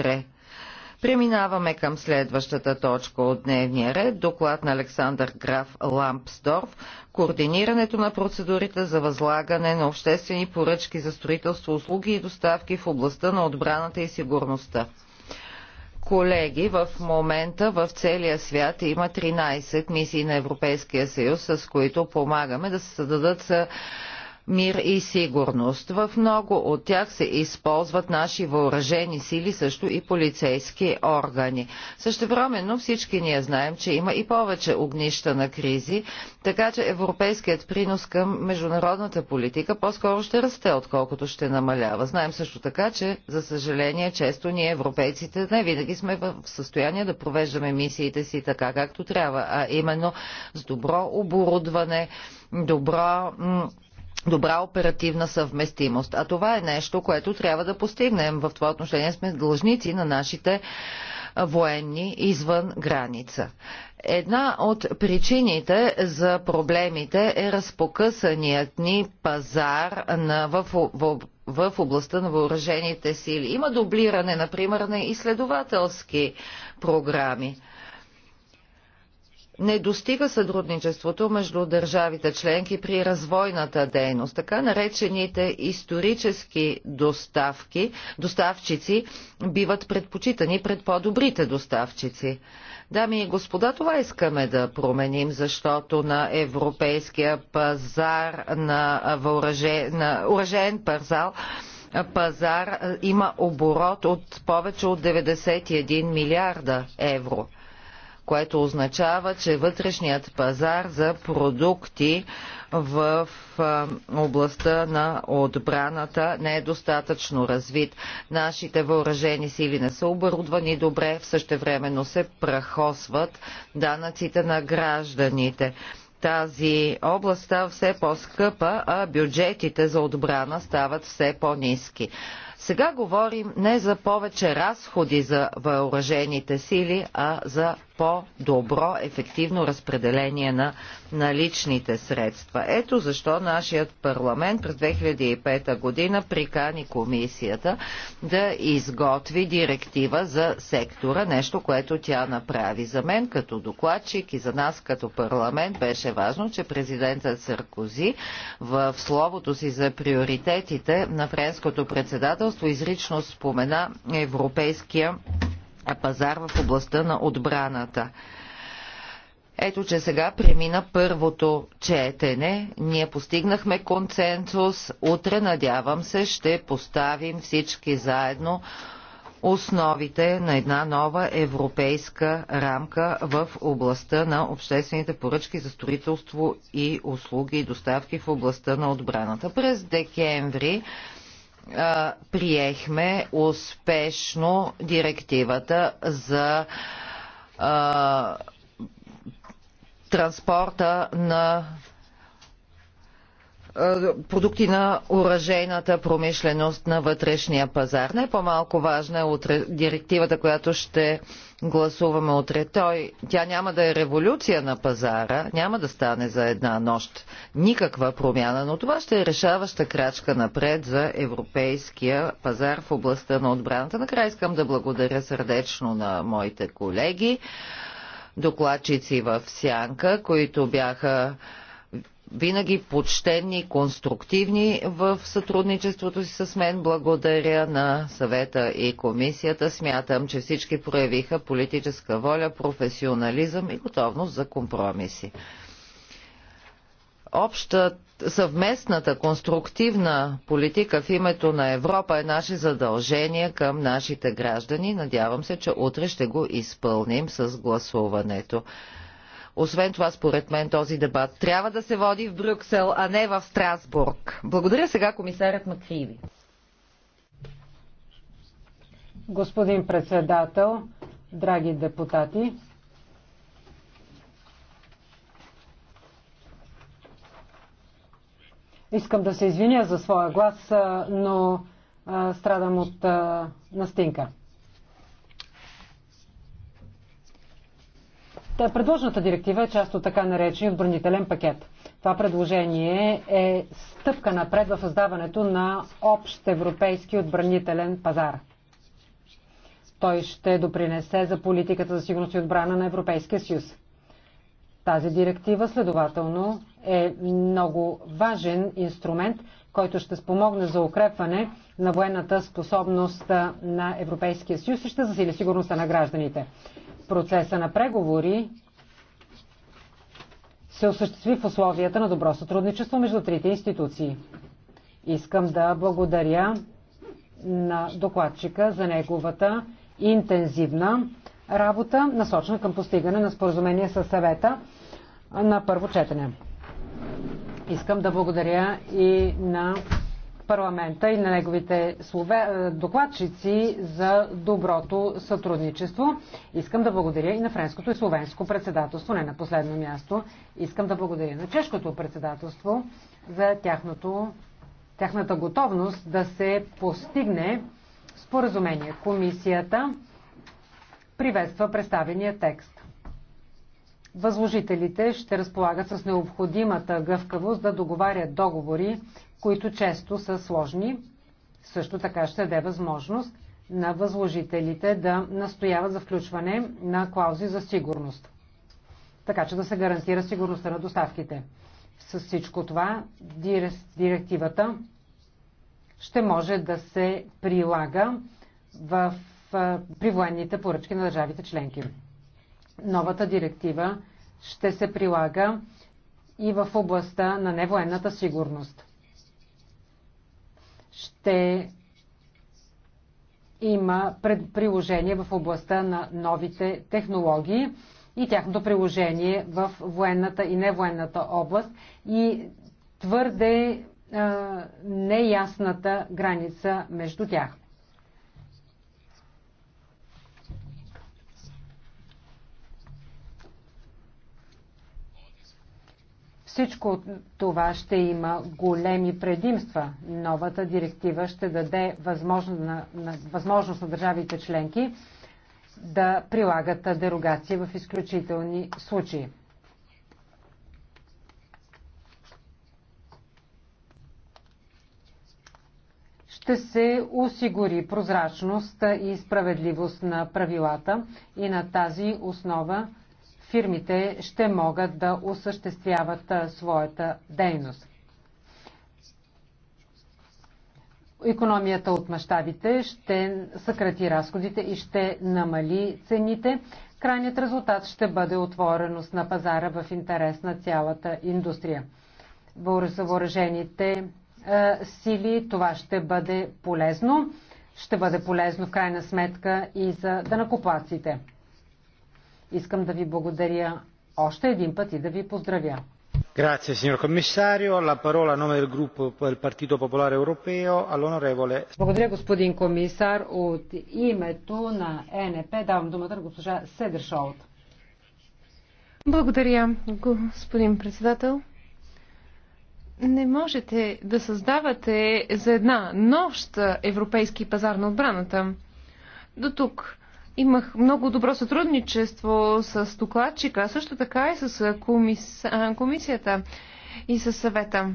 утре. Преминаваме към следващата точка от дневния ред. Доклад на Александър Граф Лампсдорф. Координирането на процедурите за възлагане на обществени поръчки за строителство, услуги и доставки в областта на отбраната и сигурността. Колеги, в момента в целия свят има 13 мисии на Европейския съюз, с които помагаме да се създадат мир и сигурност. В много от тях се използват наши въоръжени сили, също и полицейски органи. Същевременно всички ние знаем, че има и повече огнища на кризи, така че европейският принос към международната политика по-скоро ще расте, отколкото ще намалява. Знаем също така, че за съжаление често ние европейците не винаги сме в състояние да провеждаме мисиите си така както трябва, а именно с добро оборудване, добра добра оперативна съвместимост. А това е нещо, което трябва да постигнем. В това отношение сме длъжници на нашите военни извън граница. Една от причините за проблемите е разпокъсаният ни пазар на, в, в, в областта на въоръжените сили. Има дублиране, например, на изследователски програми не достига сътрудничеството между държавите членки при развойната дейност. Така наречените исторически доставки, доставчици биват предпочитани пред по-добрите доставчици. Дами и господа, това искаме да променим, защото на европейския пазар на, въоръже, на уражен пазар пазар е, има оборот от повече от 91 милиарда евро което означава, че вътрешният пазар за продукти в областта на отбраната не е достатъчно развит. Нашите въоръжени сили не са оборудвани добре, в същевременно се прахосват данъците на гражданите тази област става все по-скъпа, а бюджетите за отбрана стават все по-низки. Сега говорим не за повече разходи за въоръжените сили, а за по-добро ефективно разпределение на наличните средства. Ето защо нашият парламент през 2005 година прикани комисията да изготви директива за сектора, нещо, което тя направи. За мен като докладчик и за нас като парламент беше важно, че президентът Саркози в словото си за приоритетите на френското председателство правителство изрично спомена европейския пазар в областта на отбраната. Ето, че сега премина първото четене. Ние постигнахме консенсус. Утре, надявам се, ще поставим всички заедно основите на една нова европейска рамка в областта на обществените поръчки за строителство и услуги и доставки в областта на отбраната. През декември приехме успешно директивата за транспорта на продукти на уражейната промишленост на вътрешния пазар. Не по-малко важна е от директивата, която ще гласуваме утре. Той, тя няма да е революция на пазара, няма да стане за една нощ никаква промяна, но това ще е решаваща крачка напред за европейския пазар в областта на отбраната. Накрая искам да благодаря сърдечно на моите колеги, докладчици в Сянка, които бяха винаги почтени и конструктивни в сътрудничеството си с мен. Благодаря на съвета и комисията. Смятам, че всички проявиха политическа воля, професионализъм и готовност за компромиси. Обща съвместната конструктивна политика в името на Европа е наше задължение към нашите граждани. Надявам се, че утре ще го изпълним с гласуването. Освен това, според мен, този дебат трябва да се води в Брюксел, а не в Страсбург. Благодаря сега комисарят Макриви. Господин председател, драги депутати, Искам да се извиня за своя глас, но страдам от настинка. Предложената директива е част от така наречения отбранителен пакет. Това предложение е стъпка напред в създаването на общ европейски отбранителен пазар. Той ще допринесе за политиката за сигурност и отбрана на Европейския съюз. Тази директива, следователно, е много важен инструмент, който ще спомогне за укрепване на военната способност на Европейския съюз и ще засили сигурността на гражданите процеса на преговори се осъществи в условията на добро сътрудничество между трите институции. Искам да благодаря на докладчика за неговата интензивна работа, насочена към постигане на споразумение със съвета на първо четене. Искам да благодаря и на парламента и на неговите слове, е, докладчици за доброто сътрудничество. Искам да благодаря и на френското и словенско председателство, не на последно място. Искам да благодаря на чешкото председателство за тяхното, тяхната готовност да се постигне споразумение. Комисията приветства представения текст. Възложителите ще разполагат с необходимата гъвкавост да договарят договори, които често са сложни. Също така ще даде възможност на възложителите да настояват за включване на клаузи за сигурност, така че да се гарантира сигурността на доставките. С всичко това директивата ще може да се прилага в, при военните поръчки на държавите членки новата директива ще се прилага и в областта на невоенната сигурност. Ще има приложение в областта на новите технологии и тяхното приложение в военната и невоенната област и твърде неясната граница между тях. Всичко това ще има големи предимства. Новата директива ще даде възможност на, на, възможност на държавите членки да прилагат дерогация в изключителни случаи. ще се осигури прозрачност и справедливост на правилата и на тази основа фирмите ще могат да осъществяват своята дейност. Економията от мащабите ще съкрати разходите и ще намали цените. Крайният резултат ще бъде отвореност на пазара в интерес на цялата индустрия. Въоръжените сили това ще бъде полезно. Ще бъде полезно в крайна сметка и за данакоплаците. Искам да ви благодаря още един път и да ви поздравя. Grazie signor commissario. La parola a nome del gruppo del Partito Popolare Europeo all'onorevole. Благодаря господин комисар от името на ЕНП е давам думата на госпожа Седершолт. Благодаря, господин председател. Не можете да създавате за една нощ европейски пазар на отбраната. До тук Имах много добро сътрудничество с докладчика, също така и с комис... комисията и с съвета.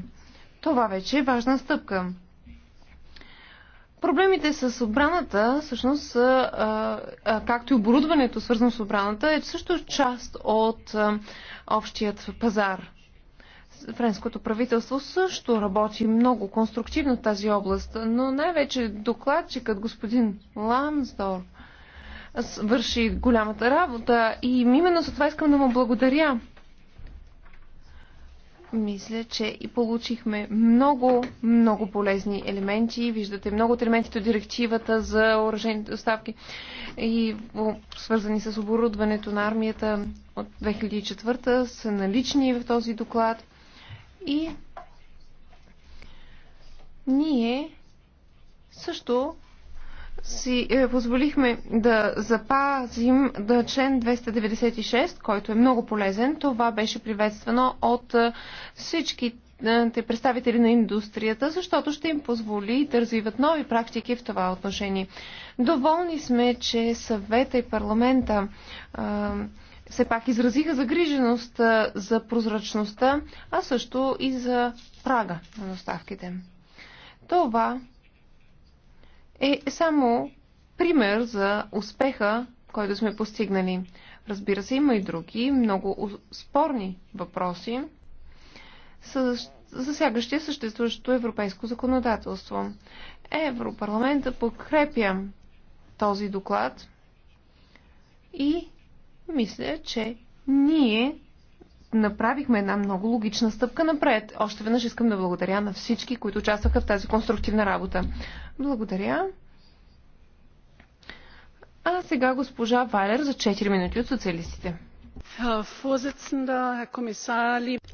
Това вече е важна стъпка. Проблемите с отбраната, всъщност, както и оборудването, свързано с отбраната, е също част от общият пазар. Френското правителство също работи много конструктивно в тази област, но най-вече докладчикът господин Ламсдорф свърши голямата работа и именно за това искам да му благодаря. Мисля, че и получихме много, много полезни елементи. Виждате много от елементите от директивата за оръжените доставки и свързани с оборудването на армията от 2004 са налични в този доклад. И ние също си е, позволихме да запазим да член 296, който е много полезен. Това беше приветствано от е, всички е, представители на индустрията, защото ще им позволи да развиват нови практики в това отношение. Доволни сме, че съвета и парламента е, все пак изразиха загриженост е, за прозрачността, а също и за прага на доставките. Това е само пример за успеха, който сме постигнали. Разбира се, има и други много спорни въпроси, засягащи съществуващото европейско законодателство. Европарламента подкрепя този доклад и мисля, че ние направихме една много логична стъпка напред. Още веднъж искам да благодаря на всички, които участваха в тази конструктивна работа. Благодаря. А сега госпожа Валер за 4 минути от социалистите.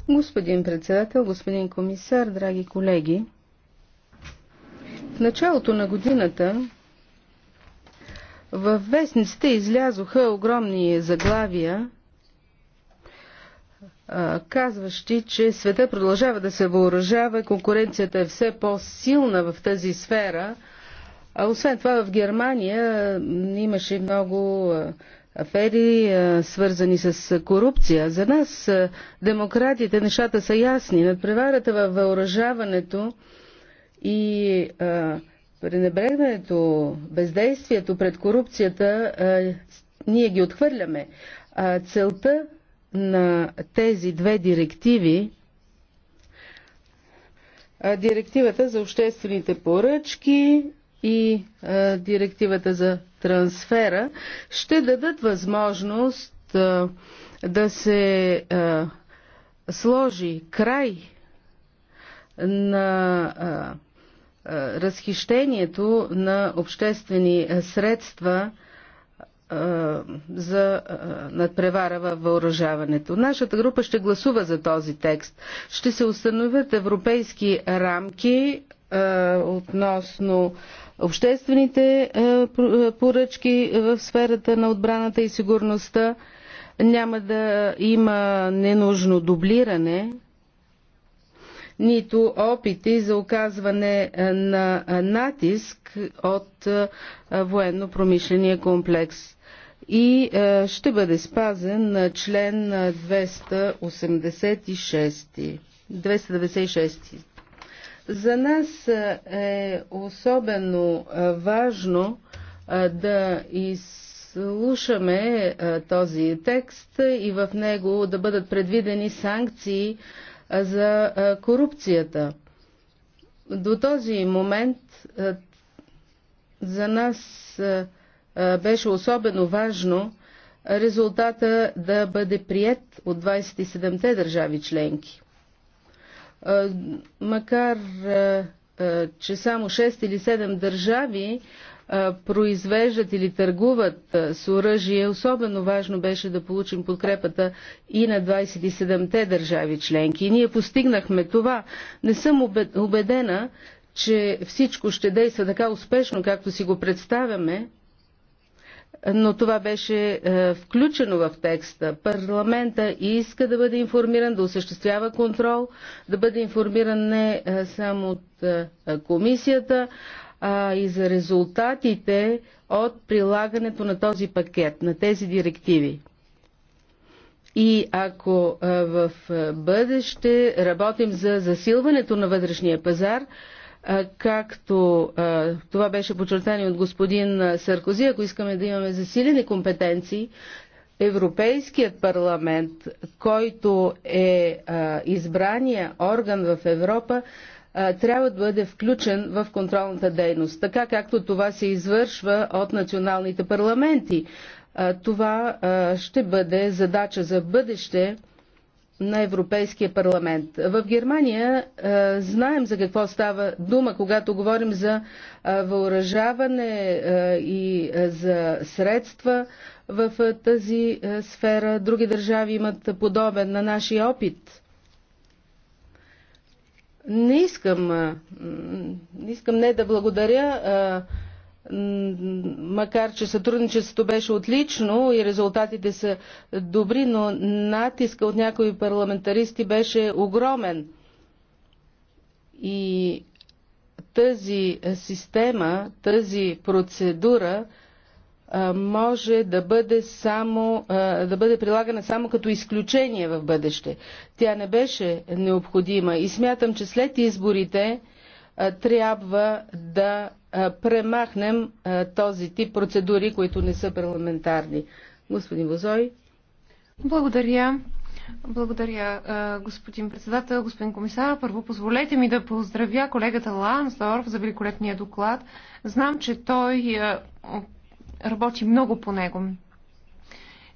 Господин председател, господин комисар, драги колеги, в началото на годината във вестниците излязоха огромни заглавия – казващи, че света продължава да се въоръжава, конкуренцията е все по-силна в тази сфера. А освен това в Германия имаше много афери, свързани с корупция. За нас, демократите, нещата са ясни. Надпреварата във въоръжаването и пренебрегването, бездействието пред корупцията, ние ги отхвърляме. целта на тези две директиви, директивата за обществените поръчки и директивата за трансфера, ще дадат възможност да се сложи край на разхищението на обществени средства за надпревара във въоръжаването. Нашата група ще гласува за този текст. Ще се установят европейски рамки относно обществените поръчки в сферата на отбраната и сигурността. Няма да има ненужно дублиране нито опити за оказване е, на е, натиск от е, военно-промишления комплекс. И ще бъде спазен член 286. 296. За нас е особено важно да изслушаме този текст и в него да бъдат предвидени санкции за корупцията. До този момент за нас беше особено важно резултата да бъде прият от 27-те държави членки. Макар че само 6 или 7 държави произвеждат или търгуват с оръжие, особено важно беше да получим подкрепата и на 27-те държави членки. И ние постигнахме това. Не съм убедена, че всичко ще действа така успешно, както си го представяме, но това беше е, включено в текста. Парламента иска да бъде информиран, да осъществява контрол, да бъде информиран не е, само от е, комисията, а, и за резултатите от прилагането на този пакет, на тези директиви. И ако в бъдеще работим за засилването на вътрешния пазар, както това беше подчертано от господин Саркози, ако искаме да имаме засилени компетенции, Европейският парламент, който е избрания орган в Европа, трябва да бъде включен в контролната дейност, така както това се извършва от националните парламенти. Това ще бъде задача за бъдеще на Европейския парламент. В Германия знаем за какво става дума, когато говорим за въоръжаване и за средства в тази сфера. Други държави имат подобен на нашия опит. Не искам, не искам не да благодаря, макар че сътрудничеството беше отлично и резултатите са добри, но натиска от някои парламентаристи беше огромен. И тази система, тази процедура може да бъде, само, да бъде прилагана само като изключение в бъдеще. Тя не беше необходима и смятам, че след изборите трябва да премахнем този тип процедури, които не са парламентарни. Господин Возой, Благодаря. Благодаря, господин председател, господин комисар. Първо позволете ми да поздравя колегата Лансдорф за великолепния доклад. Знам, че той работи много по него.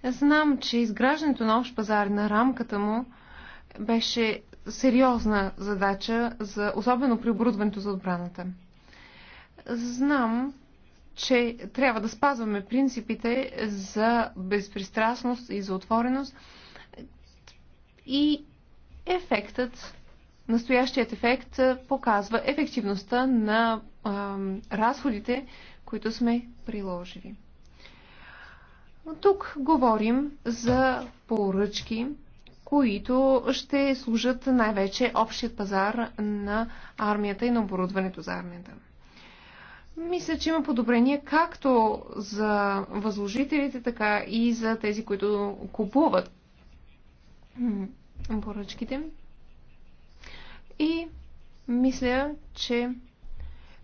Знам, че изграждането на общ пазар на рамката му беше сериозна задача, за, особено при оборудването за отбраната. Знам, че трябва да спазваме принципите за безпристрастност и за отвореност и ефектът, настоящият ефект показва ефективността на а, разходите, които сме приложили. Тук говорим за поръчки, които ще служат най-вече общият пазар на армията и на оборудването за армията. Мисля, че има подобрение както за възложителите, така и за тези, които купуват поръчките. И мисля, че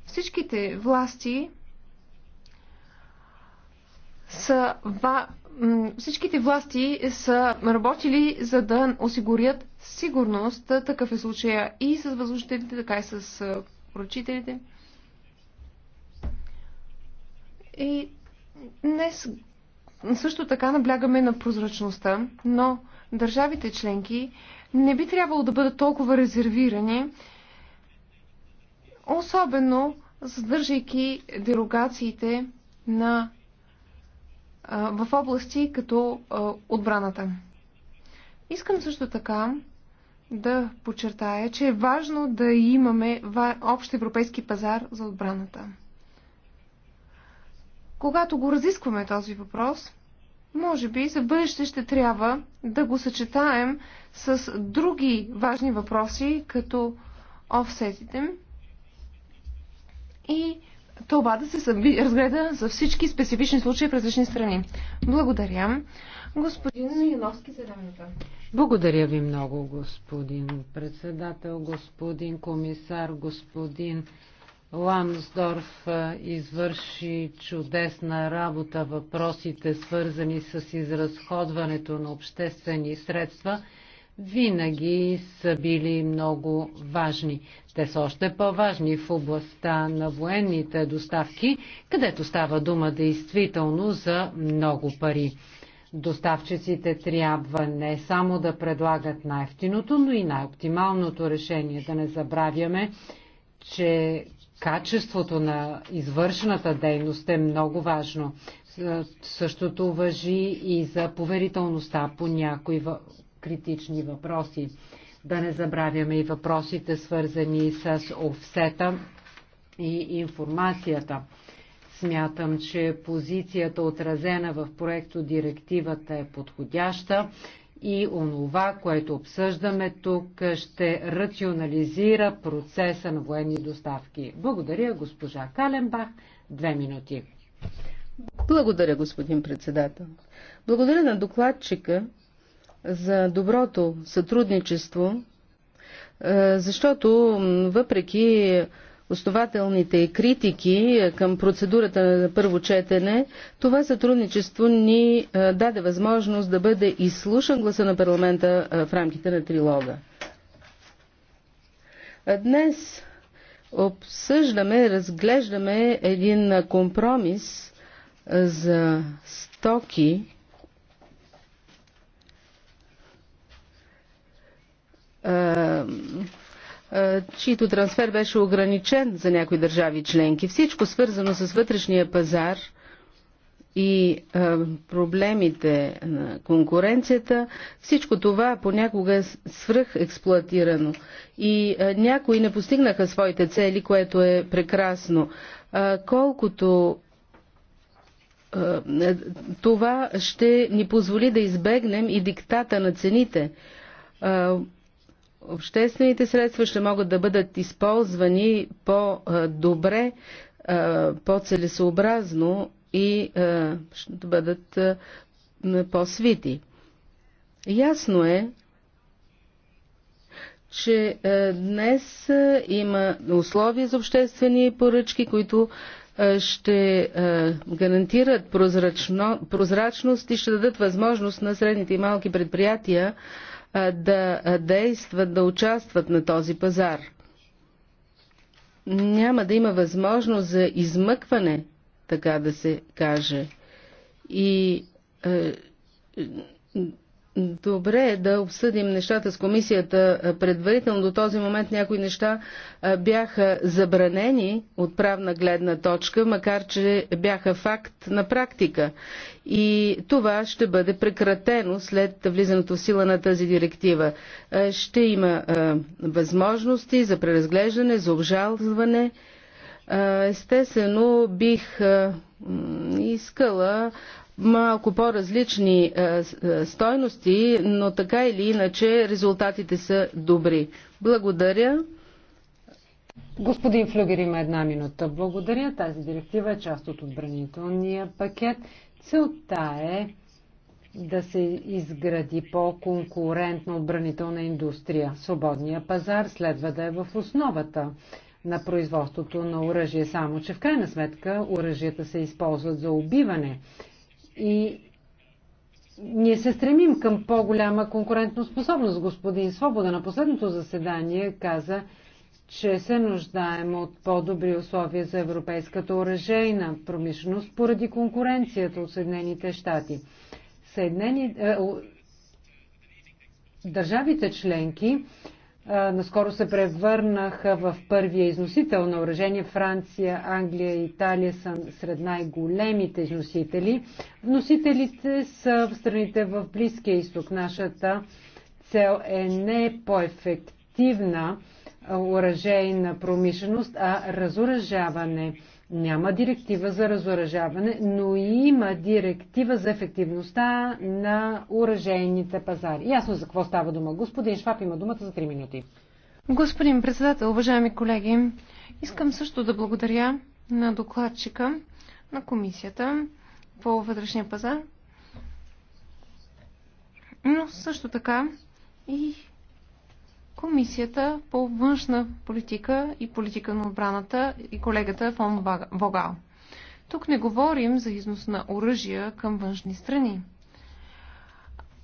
всичките власти са ва... всичките власти са работили за да осигурят сигурност. Такъв е случая и с възложителите, така и с поръчителите. И днес също така наблягаме на прозрачността, но държавите членки не би трябвало да бъдат толкова резервирани, особено задържайки дерогациите на в области като отбраната. Искам също така да подчертая, че е важно да имаме общ европейски пазар за отбраната. Когато го разискваме този въпрос, може би за бъдеще ще трябва да го съчетаем с други важни въпроси, като офсетите и това да се разгледа за всички специфични случаи в различни страни. Благодаря. Господин Яновски за Благодаря ви много, господин председател, господин комисар, господин Ламсдорф извърши чудесна работа въпросите, свързани с изразходването на обществени средства винаги са били много важни. Те са още по-важни в областта на военните доставки, където става дума действително за много пари. Доставчиците трябва не само да предлагат най-ефтиното, но и най-оптималното решение. Да не забравяме, че качеството на извършената дейност е много важно. Същото въжи и за поверителността. По някои критични въпроси. Да не забравяме и въпросите, свързани с офсета и информацията. Смятам, че позицията отразена в проекто директивата е подходяща и онова, което обсъждаме тук, ще рационализира процеса на военни доставки. Благодаря, госпожа Каленбах. Две минути. Благодаря, господин председател. Благодаря на докладчика за доброто сътрудничество, е, защото въпреки основателните критики е, към процедурата на първо четене, това сътрудничество ни е, даде възможност да бъде изслушан гласа на парламента в рамките на трилога. Днес обсъждаме, разглеждаме един компромис за стоки, Е, е, чието трансфер беше ограничен за някои държави членки. Всичко свързано с вътрешния пазар и е, проблемите на конкуренцията, всичко това понякога е свръхексплуатирано. И някои не постигнаха своите цели, което е прекрасно. колкото това ще ни позволи да избегнем и диктата на цените обществените средства ще могат да бъдат използвани по-добре, по-целесообразно и ще бъдат по-свити. Ясно е, че днес има условия за обществени поръчки, които ще гарантират прозрачно, прозрачност и ще дадат възможност на средните и малки предприятия да действат, да участват на този пазар. Няма да има възможност за измъкване, така да се каже. И Добре е да обсъдим нещата с комисията предварително. До този момент някои неща бяха забранени от правна гледна точка, макар че бяха факт на практика. И това ще бъде прекратено след влизането в сила на тази директива. Ще има възможности за преразглеждане, за обжалване. Естествено, бих искала малко по-различни е, е, стойности, но така или иначе резултатите са добри. Благодаря. Господин Флюгер има една минута. Благодаря. Тази директива е част от отбранителния пакет. Целта е да се изгради по-конкурентна отбранителна индустрия. Свободния пазар следва да е в основата на производството на оръжие, само че в крайна сметка оръжията се използват за убиване. И ние се стремим към по-голяма конкурентоспособност. Господин Свобода на последното заседание каза, че се нуждаем от по-добри условия за европейската оръжейна промишленост поради конкуренцията от Съединените щати. Съединени... Е, държавите членки наскоро се превърнаха в първия износител на оръжение. Франция, Англия и Италия са сред най-големите износители. Вносителите са в страните в Близкия изток. Нашата цел е не по-ефективна уражейна промишленост, а разоръжаване. Няма директива за разоръжаване, но и има директива за ефективността на уражейните пазари. Ясно за какво става дума. Господин Шваб има думата за 3 минути. Господин председател, уважаеми колеги, искам също да благодаря на докладчика на комисията по вътрешния пазар, но също така и Комисията по външна политика и политика на отбраната и колегата Фон Вогал. Тук не говорим за износ на оръжия към външни страни,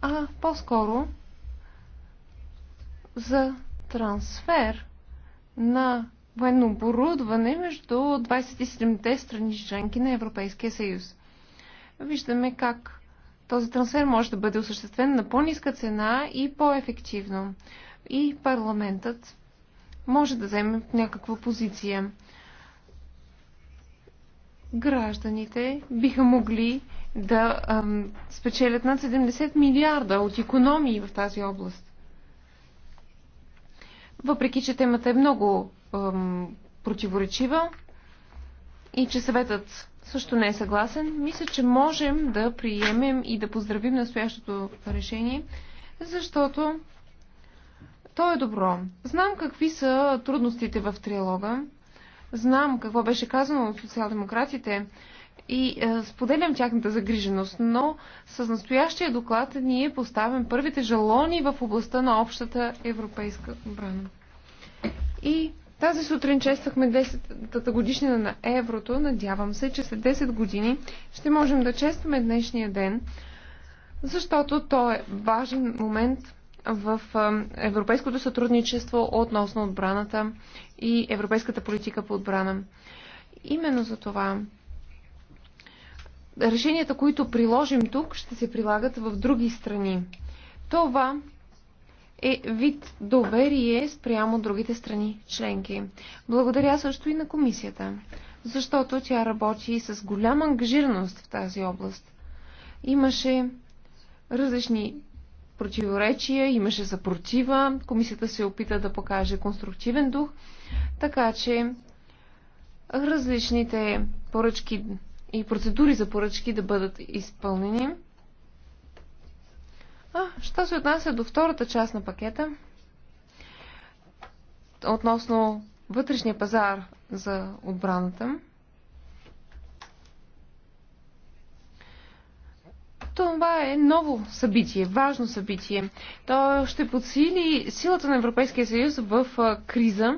а по-скоро за трансфер на военно оборудване между 27-те страни членки на Европейския съюз. Виждаме как този трансфер може да бъде осъществен на по-ниска цена и по-ефективно и парламентът може да вземе някаква позиция. Гражданите биха могли да ам, спечелят над 70 милиарда от економии в тази област. Въпреки, че темата е много ам, противоречива и че съветът също не е съгласен, мисля, че можем да приемем и да поздравим настоящото решение, защото то е добро. Знам какви са трудностите в триалога. Знам какво беше казано от социал-демократите и е, споделям тяхната загриженост, но с настоящия доклад ние поставим първите жалони в областта на общата европейска обрана. И тази сутрин чествахме 10-та годишнина на еврото. Надявам се, че след 10 години ще можем да честваме днешния ден, защото то е важен момент – в европейското сътрудничество относно отбраната и европейската политика по отбрана. Именно за това решенията, които приложим тук, ще се прилагат в други страни. Това е вид доверие спрямо другите страни членки. Благодаря също и на комисията, защото тя работи с голяма ангажираност в тази област. Имаше различни противоречия, имаше съпротива. Комисията се опита да покаже конструктивен дух, така че различните поръчки и процедури за поръчки да бъдат изпълнени. А, що се отнася до втората част на пакета, относно вътрешния пазар за отбраната, Това е ново събитие, важно събитие. То ще подсили силата на Европейския съюз в криза,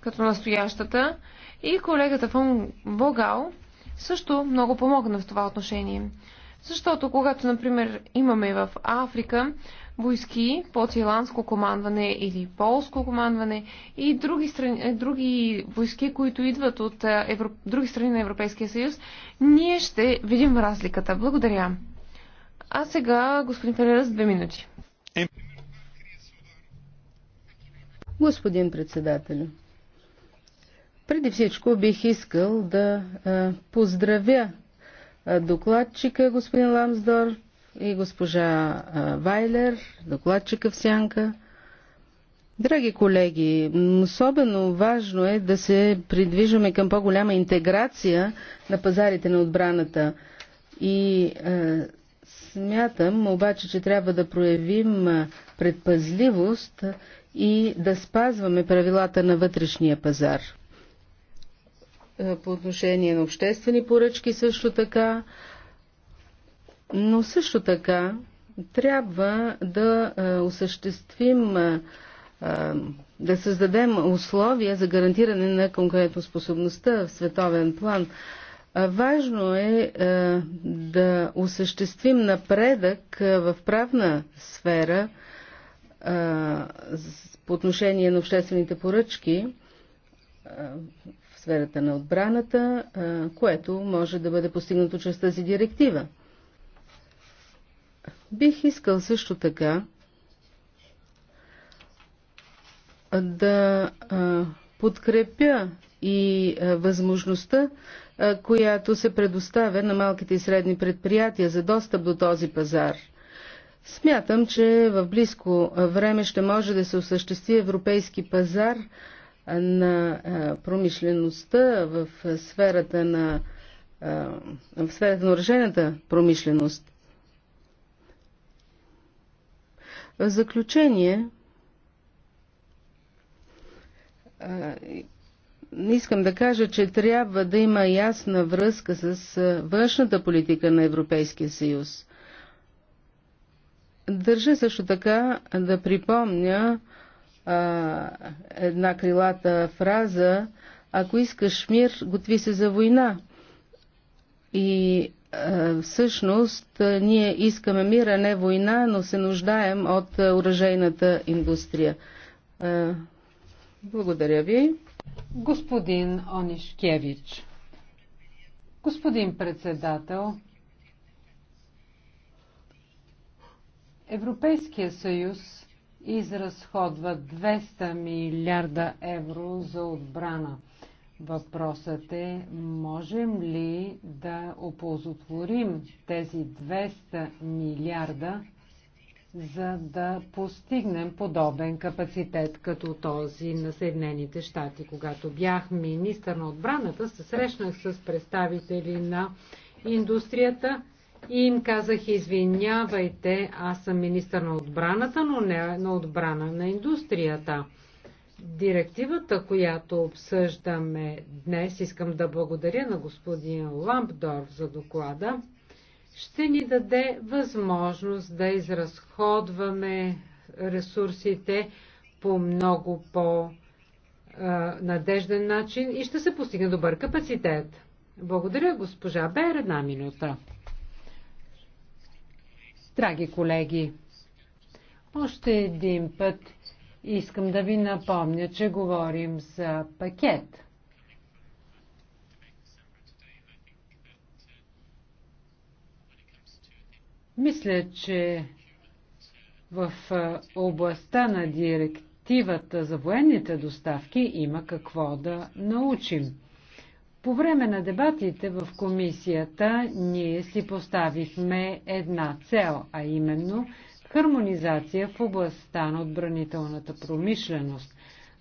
като настоящата. И колегата Фон Богал също много помогна в това отношение. Защото когато, например, имаме в Африка войски под ирландско командване или полско командване и други, страни, е, други войски, които идват от е, Евро... други страни на Европейския съюз, ние ще видим разликата. Благодаря. А сега, господин Ферера, две минути. Господин председател, преди всичко бих искал да е, поздравя докладчика господин Ламсдор и госпожа Вайлер, докладчика в Сянка. Драги колеги, особено важно е да се придвижваме към по-голяма интеграция на пазарите на отбраната. И е, смятам обаче, че трябва да проявим предпазливост и да спазваме правилата на вътрешния пазар. По отношение на обществени поръчки също така но също така трябва да е, осъществим, е, е, да създадем условия за гарантиране на конкурентоспособността в световен план. Важно е да осъществим напредък в правна сфера по отношение на обществените поръчки в сферата на отбраната, което може да бъде постигнато чрез тази директива. Бих искал също така да подкрепя и възможността, която се предоставя на малките и средни предприятия за достъп до този пазар. Смятам, че в близко време ще може да се осъществи европейски пазар на промишлеността в сферата на, в сферата на оръжената промишленост. В заключение, искам да кажа, че трябва да има ясна връзка с външната политика на Европейския съюз. Държа също така да припомня а, една крилата фраза Ако искаш мир, готви се за война. И е, всъщност, е, ние искаме мира, не война, но се нуждаем от е, оръжейната индустрия. Благодаря ви. Господин Онишкевич. Господин председател, Европейския съюз изразходва 200 милиарда евро за отбрана. Въпросът е, можем ли да оползотворим тези 200 милиарда, за да постигнем подобен капацитет като този на Съединените щати. Когато бях министър на отбраната, се срещнах с представители на индустрията и им казах, извинявайте, аз съм министър на отбраната, но не на отбрана на индустрията директивата, която обсъждаме днес, искам да благодаря на господин Лампдорф за доклада, ще ни даде възможност да изразходваме ресурсите по много по-надежден начин и ще се постигне добър капацитет. Благодаря, госпожа Бер, една минута. Драги колеги, още един път Искам да ви напомня, че говорим за пакет. Мисля, че в областта на директивата за военните доставки има какво да научим. По време на дебатите в комисията ние си поставихме една цел, а именно – хармонизация в областта на отбранителната промишленост.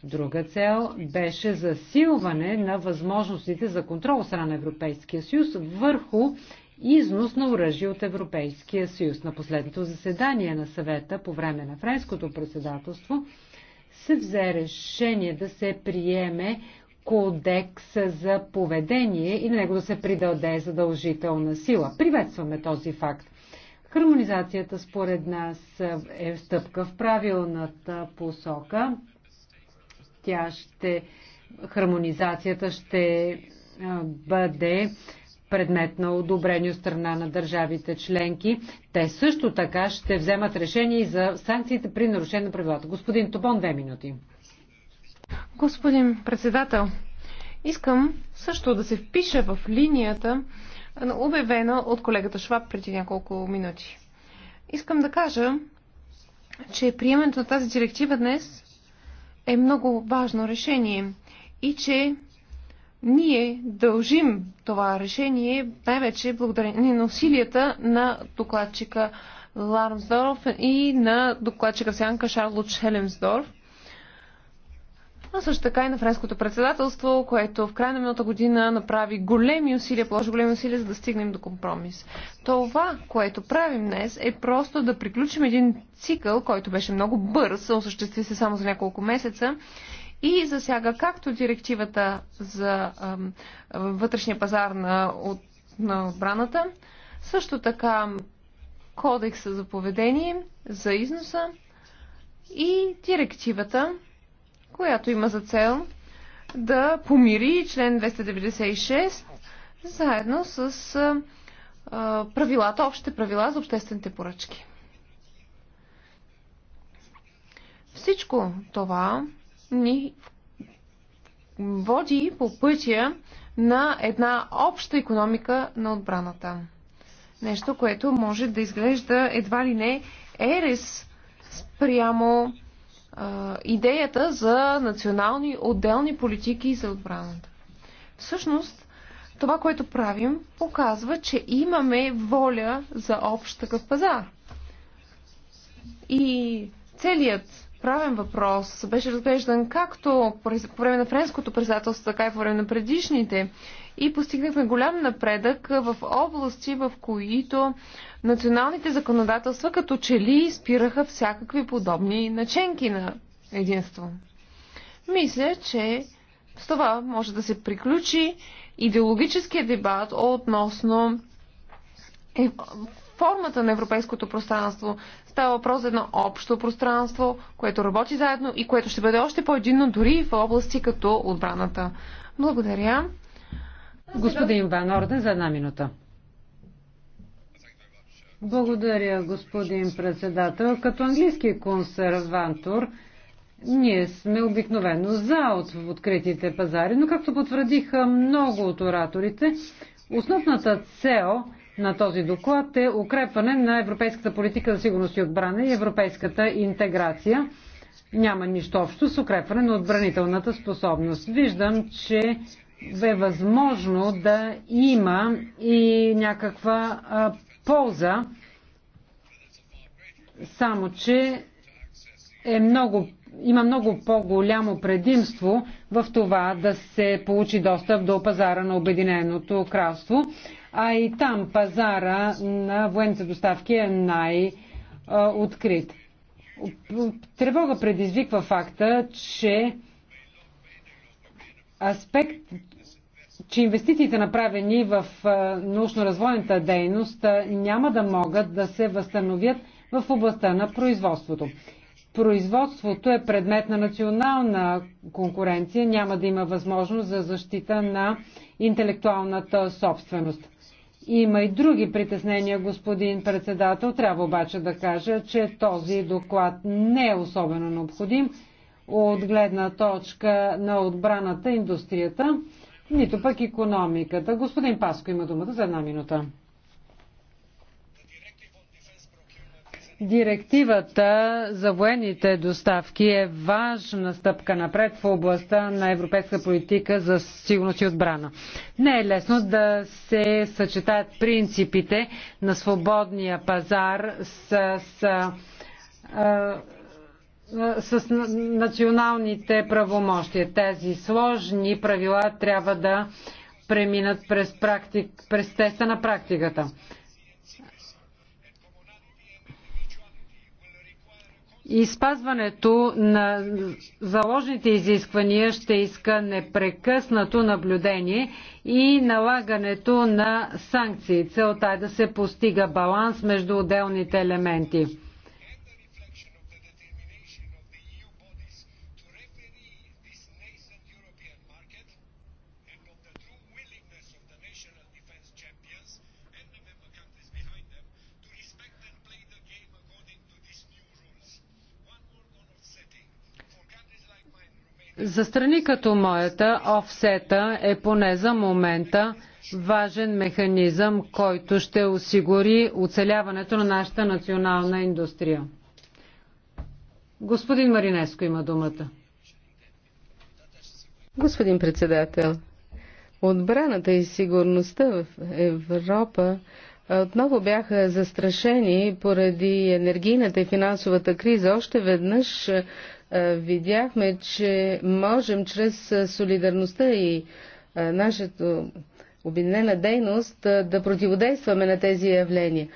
Друга цел беше засилване на възможностите за контрол от страна на Европейския съюз върху износ на оръжие от Европейския съюз. На последното заседание на съвета по време на френското председателство се взе решение да се приеме кодекс за поведение и на него да се придаде задължителна сила. Приветстваме този факт. Хармонизацията според нас е стъпка в правилната посока. Тя ще, хармонизацията ще бъде предмет на одобрение от страна на държавите членки. Те също така ще вземат решение и за санкциите при нарушение на правилата. Господин Тобон, две минути. Господин председател, искам също да се впиша в линията обявена от колегата Шваб преди няколко минути. Искам да кажа, че приемането на тази директива днес е много важно решение и че ние дължим това решение най-вече благодарение на усилията на докладчика Ларнсдорф и на докладчика Сянка Шарлот Шелемсдорф, а също така и на френското председателство, което в края на миналата година направи големи усилия, положи големи усилия, за да стигнем до компромис. Това, което правим днес, е просто да приключим един цикъл, който беше много бърз, осъществи се само за няколко месеца и засяга както директивата за ам, вътрешния пазар на, от, на отбраната, също така кодекса за поведение, за износа и директивата която има за цел да помири член 296 заедно с правилата, общите правила за обществените поръчки. Всичко това ни води по пътя на една обща економика на отбраната. Нещо, което може да изглежда едва ли не ерес спрямо идеята за национални отделни политики за отбраната. Всъщност, това, което правим, показва, че имаме воля за общ такъв пазар. И целият правен въпрос беше разглеждан както по време на френското председателство, така и по време на предишните и постигнахме голям напредък в области, в които националните законодателства като че ли спираха всякакви подобни наченки на единство. Мисля, че с това може да се приключи идеологическия дебат относно е, формата на европейското пространство. Става въпрос за едно общо пространство, което работи заедно и което ще бъде още по-единно дори в области като отбраната. Благодаря. Господин Ван Орден за една минута. Благодаря, господин председател. Като английски консервантор, ние сме обикновено за от откритите пазари, но както потвърдиха много от ораторите, основната цел на този доклад е укрепване на европейската политика за сигурност и отбрана и европейската интеграция. Няма нищо общо с укрепване на отбранителната способност. Виждам, че бе възможно да има и някаква а, полза, само че е много, има много по-голямо предимство в това да се получи достъп до пазара на Обединеното кралство, а и там пазара на военните доставки е най-открит. Тревога предизвиква факта, че аспект, че инвестициите направени в научно-развойната дейност няма да могат да се възстановят в областта на производството. Производството е предмет на национална конкуренция, няма да има възможност за защита на интелектуалната собственост. Има и други притеснения, господин председател. Трябва обаче да кажа, че този доклад не е особено необходим от гледна точка на отбраната, индустрията, нито пък економиката. Господин Паско има думата за една минута. Директивата за военните доставки е важна стъпка напред в областта на европейска политика за сигурност и отбрана. Не е лесно да се съчетаят принципите на свободния пазар с, с с националните правомощия. Тези сложни правила трябва да преминат през, практик, през теста на практиката. Изпазването на заложните изисквания ще иска непрекъснато наблюдение и налагането на санкции. Целта е да се постига баланс между отделните елементи. За страни като моята, офсета е поне за момента важен механизъм, който ще осигури оцеляването на нашата национална индустрия. Господин Маринеско има думата. Господин председател, отбраната и сигурността в Европа отново бяха застрашени поради енергийната и финансовата криза. Още веднъж е, видяхме, че можем чрез е, солидарността и е, нашата обединена дейност да противодействаме на тези явления.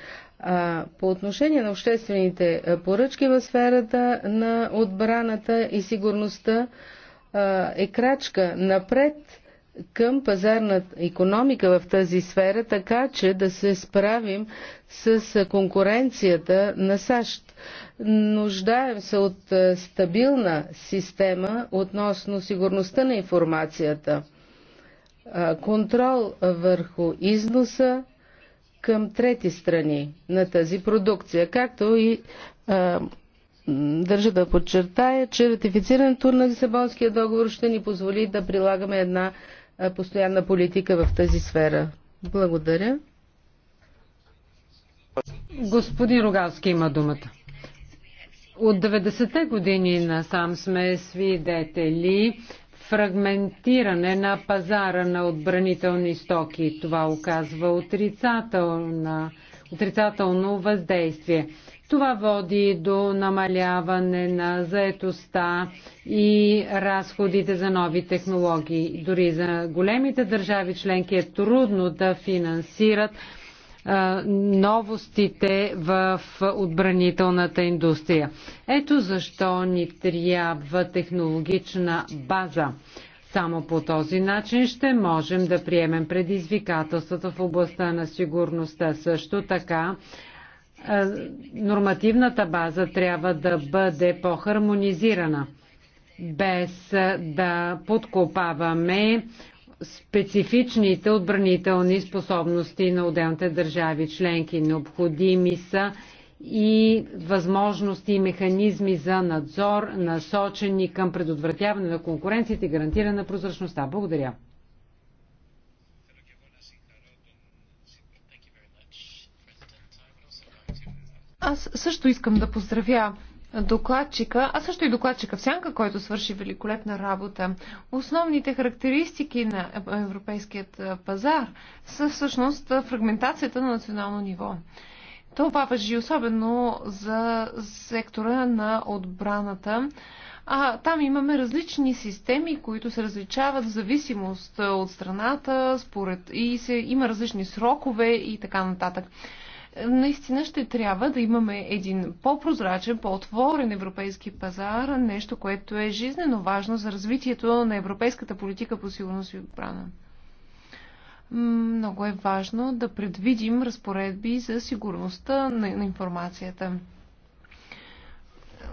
по отношение на обществените поръчки в сферата на отбраната и сигурността е крачка напред към пазарна економика в тази сфера, така че да се справим с конкуренцията на САЩ. Нуждаем се от стабилна система относно сигурността на информацията, контрол върху износа към трети страни на тази продукция, както и държа да подчертая, че ратифицирането на Лисабонския договор ще ни позволи да прилагаме една е, постоянна политика в тази сфера. Благодаря. Господин Рогалски има думата. От 90-те години насам сме свидетели фрагментиране на пазара на отбранителни стоки. Това оказва отрицателно въздействие. Това води до намаляване на заетостта и разходите за нови технологии. Дори за големите държави членки е трудно да финансират новостите в отбранителната индустрия. Ето защо ни трябва технологична база. Само по този начин ще можем да приемем предизвикателствата в областта на сигурността. Също така е, нормативната база трябва да бъде по-хармонизирана, без е, да подкопаваме специфичните отбранителни способности на отделните държави членки. Необходими са и възможности и механизми за надзор, насочени към предотвратяване на конкуренцията и гарантиране на прозрачността. Благодаря. Аз също искам да поздравя докладчика, а също и докладчика в сянка, който свърши великолепна работа. Основните характеристики на европейският пазар са всъщност фрагментацията на национално ниво. Това въжи особено за сектора на отбраната. А там имаме различни системи, които се различават в зависимост от страната, според и се, има различни срокове и така нататък наистина ще трябва да имаме един по-прозрачен, по-отворен европейски пазар, нещо, което е жизнено важно за развитието на европейската политика по сигурност и отбрана. Много е важно да предвидим разпоредби за сигурността на, на информацията.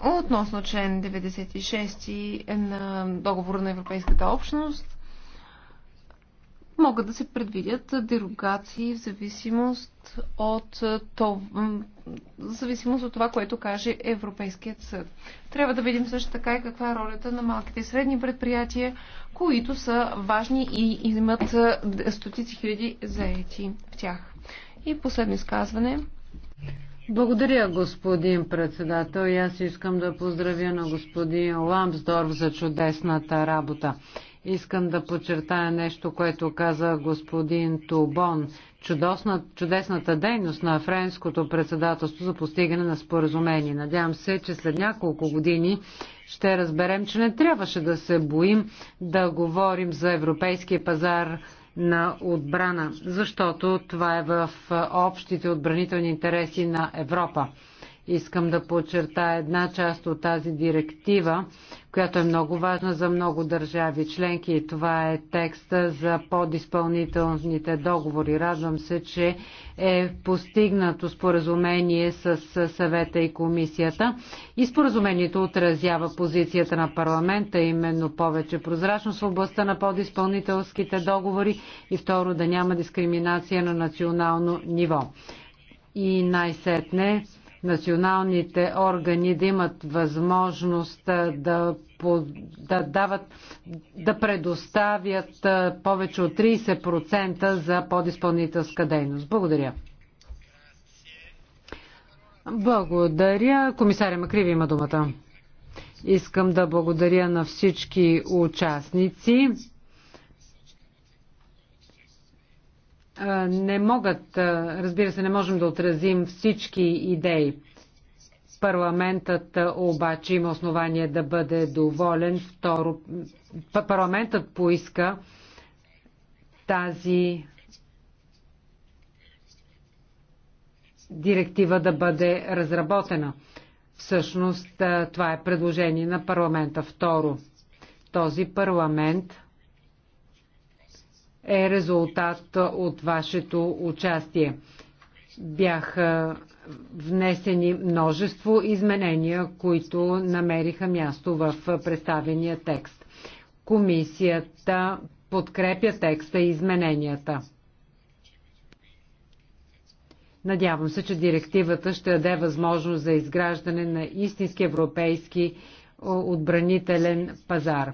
Относно член 96 на договора на Европейската общност, могат да се предвидят дерогации в зависимост от, това, в зависимост от това, което каже Европейският съд. Трябва да видим също така и каква е ролята на малките и средни предприятия, които са важни и имат стотици хиляди заети в тях. И последно изказване. Благодаря, господин председател. И аз искам да поздравя на господин Ламсдорф за чудесната работа. Искам да подчертая нещо, което каза господин Тубон. Чудесна, чудесната дейност на френското председателство за постигане на споразумение. Надявам се, че след няколко години ще разберем, че не трябваше да се боим да говорим за европейския пазар на отбрана, защото това е в общите отбранителни интереси на Европа. Искам да подчертая една част от тази директива, която е много важна за много държави членки и това е текста за подиспълнителните договори. Радвам се, че е постигнато споразумение с съвета и комисията и споразумението отразява позицията на парламента, именно повече прозрачност в областта на подизпълнителските договори и второ да няма дискриминация на национално ниво. И най-сетне националните органи да имат възможност да, да дават, да предоставят повече от 30% за подизпълнителска дейност. Благодаря. Благодаря. Комисаря Макриви има думата. Искам да благодаря на всички участници. не могат, разбира се, не можем да отразим всички идеи. Парламентът обаче има основание да бъде доволен. Второ, парламентът поиска тази директива да бъде разработена. Всъщност това е предложение на парламента. Второ, този парламент е резултат от вашето участие. Бяха внесени множество изменения, които намериха място в представения текст. Комисията подкрепя текста и измененията. Надявам се, че директивата ще даде възможност за изграждане на истински европейски отбранителен пазар.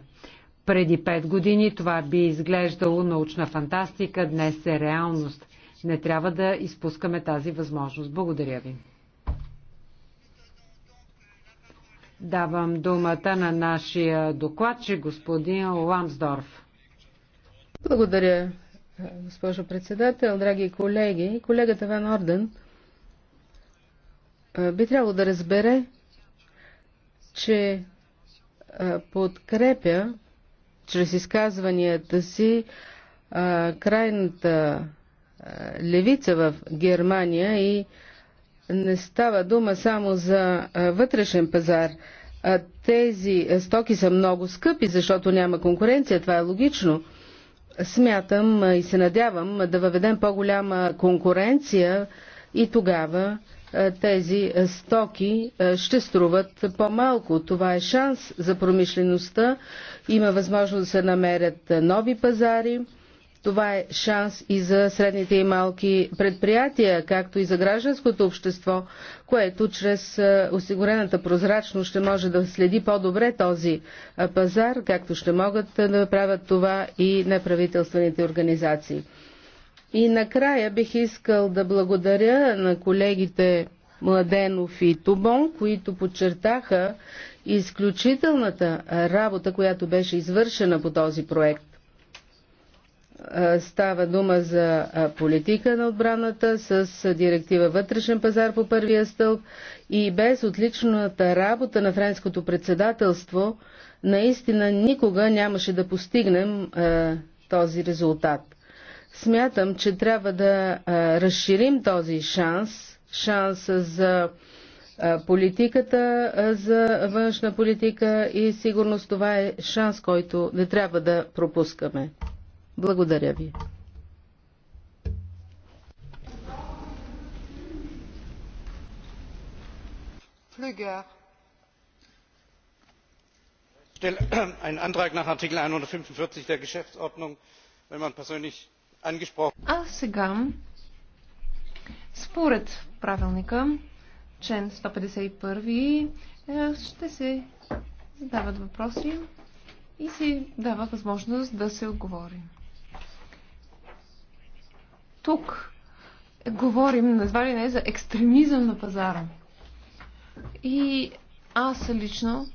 Преди пет години това би изглеждало научна фантастика, днес е реалност. Не трябва да изпускаме тази възможност. Благодаря ви. Давам думата на нашия докладчик, господин Ламсдорф. Благодаря, госпожо председател, драги колеги. Колегата Ван Орден би трябвало да разбере, че подкрепя чрез изказванията си а, крайната а, левица в Германия и не става дума само за а, вътрешен пазар. А, тези стоки са много скъпи, защото няма конкуренция, това е логично. Смятам и се надявам да въведем по-голяма конкуренция и тогава е, тези е, стоки е, ще струват по-малко. Това е шанс за промишлеността. Има възможност да се намерят нови пазари. Това е шанс и за средните и малки предприятия, както и за гражданското общество, което чрез осигурената прозрачност ще може да следи по-добре този пазар, както ще могат да правят това и неправителствените организации. И накрая бих искал да благодаря на колегите Младенов и Тубон, които подчертаха изключителната работа, която беше извършена по този проект. Става дума за политика на отбраната с директива Вътрешен пазар по първия стълб и без отличната работа на френското председателство наистина никога нямаше да постигнем този резултат. Смятам, че трябва да разширим този шанс, шанс за политиката за външна политика и сигурност това е шанс, който не трябва да пропускаме. Благодаря ви. Flügger. Ich Antrag nach Artikel 145 der Geschäftsordnung, wenn man persönlich а сега, според правилника, член 151, е, ще се задават въпроси и се дава възможност да се отговори. Тук говорим, назвали не, за екстремизъм на пазара. И аз лично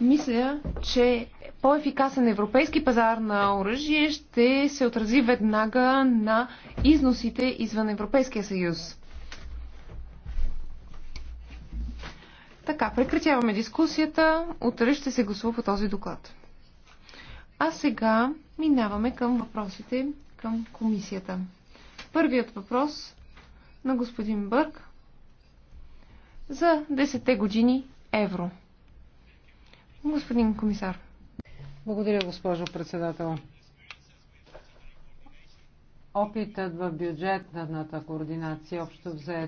мисля, че по-ефикасен европейски пазар на оръжие ще се отрази веднага на износите извън Европейския съюз. Така, прекратяваме дискусията. Утре ще се гласува по този доклад. А сега минаваме към въпросите към комисията. Първият въпрос на господин Бърк за 10 те години евро. Господин комисар. Благодаря, госпожо председател. Опитът в бюджетната координация общо взе